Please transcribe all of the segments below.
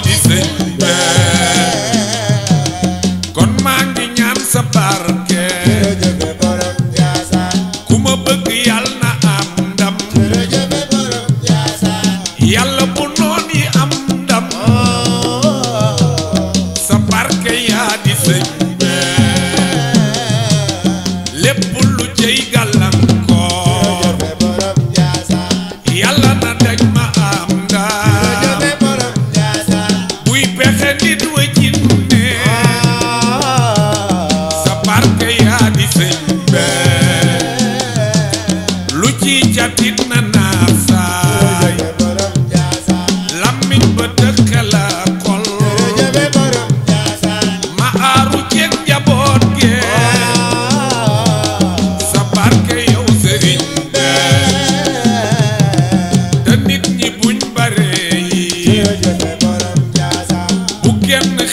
pode ser. Né? Take it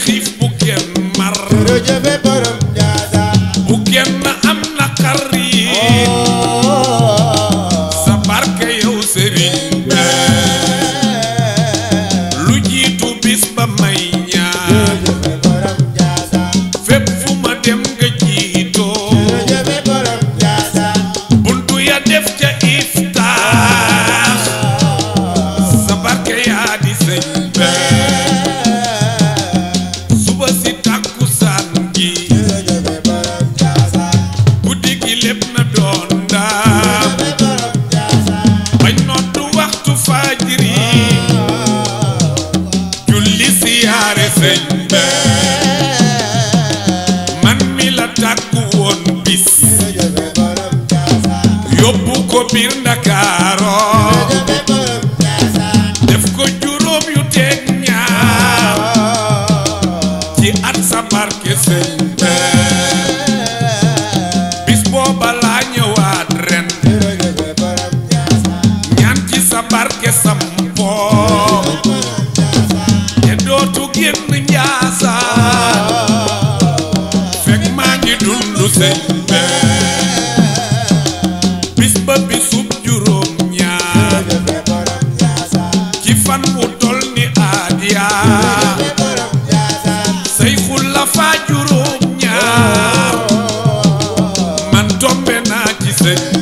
xiif bu kenn mar bu kenn am naqar sëñ be man mi la tàkku woon bis yóbbu ko biir Ndakaaro music.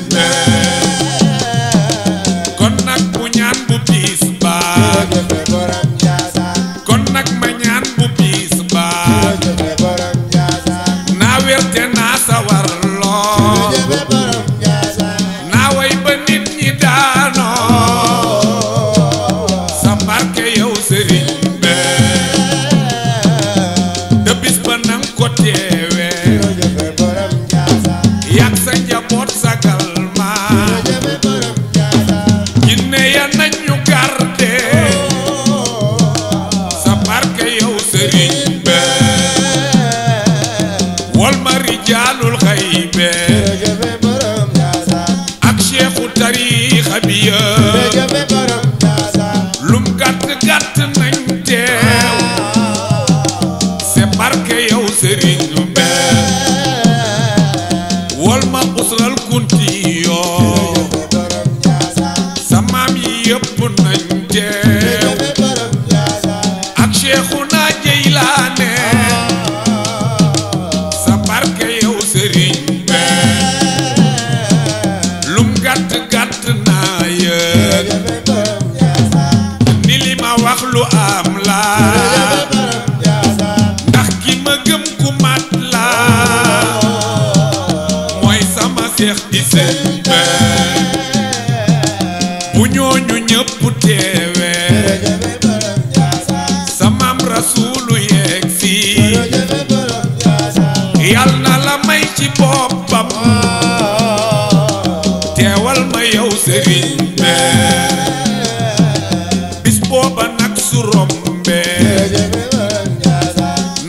gàtt nañ teew se barke yow sëriñ lu mel wol ma usral kunti sa maam bu ñooñu ñëpp teewee samaam rasuulu yeeg fii yal na la may ci boppam teewal ma yow sëriñ be bis booba nag su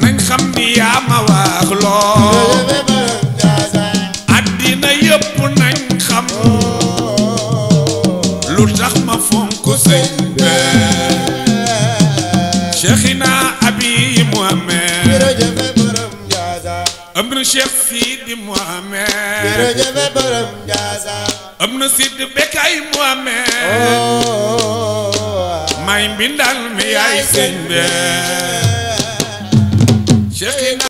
nañ xam ni yaa ma waax loo Cheikhina Abi Muhammad jërëjëf borom Ndiassa am na Cheikh Sidi oh. mi yaay sëñ be Cheikhina